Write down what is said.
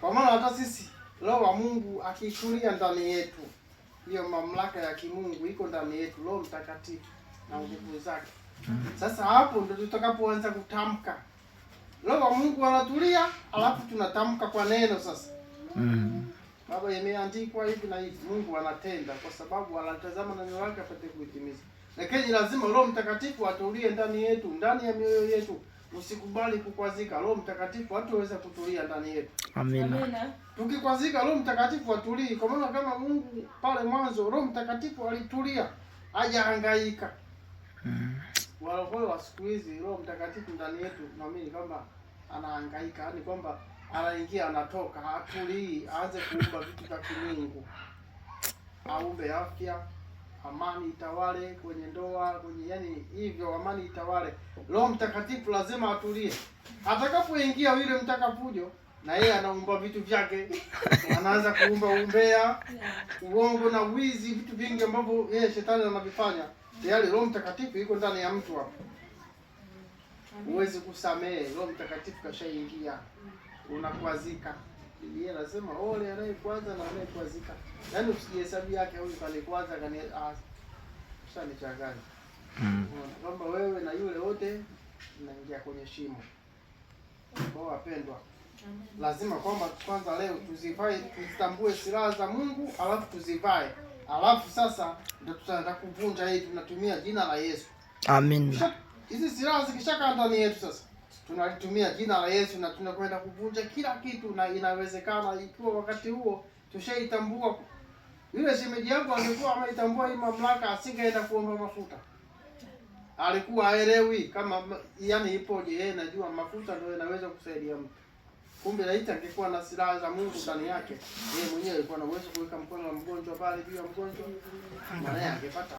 Kwa maana hata sisi roho wa Mungu akichulia ndani yetu, hiyo mamlaka ya kimungu iko ndani yetu, Roho Mtakatifu na nguvu zake. Sasa hapo ndio tutakapoanza kutamka Roho wa Mungu anatulia, alafu tunatamka kwa neno sasa. Mm. Baba, imeandikwa hivi na hivi, Mungu anatenda kwa sababu anatazama neno lake apate kuitimiza. Lakini lazima Roho Mtakatifu atulie ndani yetu, ndani ya mioyo yetu, usikubali kukwazika. Roho Mtakatifu hatuweza kutulia ndani yetu. Amina. Tukikwazika Roho Mtakatifu atulii, kwa maana kama Mungu pale mwanzo Roho Mtakatifu alitulia, hajahangaika mm. Walokole wa siku hizi Roho Mtakatifu ndani yetu, naamini kwamba anahangaika, yaani kwamba anaingia anatoka, hatulii, aanze kuumba vitu vya kimungu, aumbe afya amani itawale kwenye ndoa, kwenye yani hivyo, amani itawale. Roho Mtakatifu lazima atulie, atakapoingia yule mtaka fujo, na yeye anaumba vitu vyake, anaanza kuumba umbea, uongo na wizi, vitu vingi ambavyo yeye shetani anavifanya. Tayari Roho Mtakatifu iko ndani ya mtu hapo, mm. huwezi kusamehe. Roho Mtakatifu kashaingia, mm. unakwazika. Biblia inasema ole oh, anayekwanza na anayekwazika. Yaani usijihesabu yake huyu kanikwanza kani ah ushanichanganya. Mm. Kwamba wewe na yule wote mnaingia kwenye shimo. Kwa wapendwa. Lazima kwamba kwanza leo tuzivae tuzitambue silaha za Mungu alafu tuzivae. Alafu sasa ndio tutaenda kuvunja hii tunatumia jina la Yesu. Amen. Hizi silaha zikishakaa ndani yetu sasa tunalitumia jina la Yesu na tunakwenda kuvunja kila kitu, na inawezekana ikiwa wakati huo tushaitambua. Yule shemeji yangu angekuwa ameitambua hii mamlaka, asingeenda kuomba mafuta. Alikuwa aelewi kama yani ipoje. Yeye najua mafuta ndio yanaweza kusaidia mtu, kumbe laiti angekuwa na silaha za Mungu ndani yake, yeye mwenyewe alikuwa na uwezo kuweka mkono wa mgonjwa pale juu ya mgonjwa, maana angepata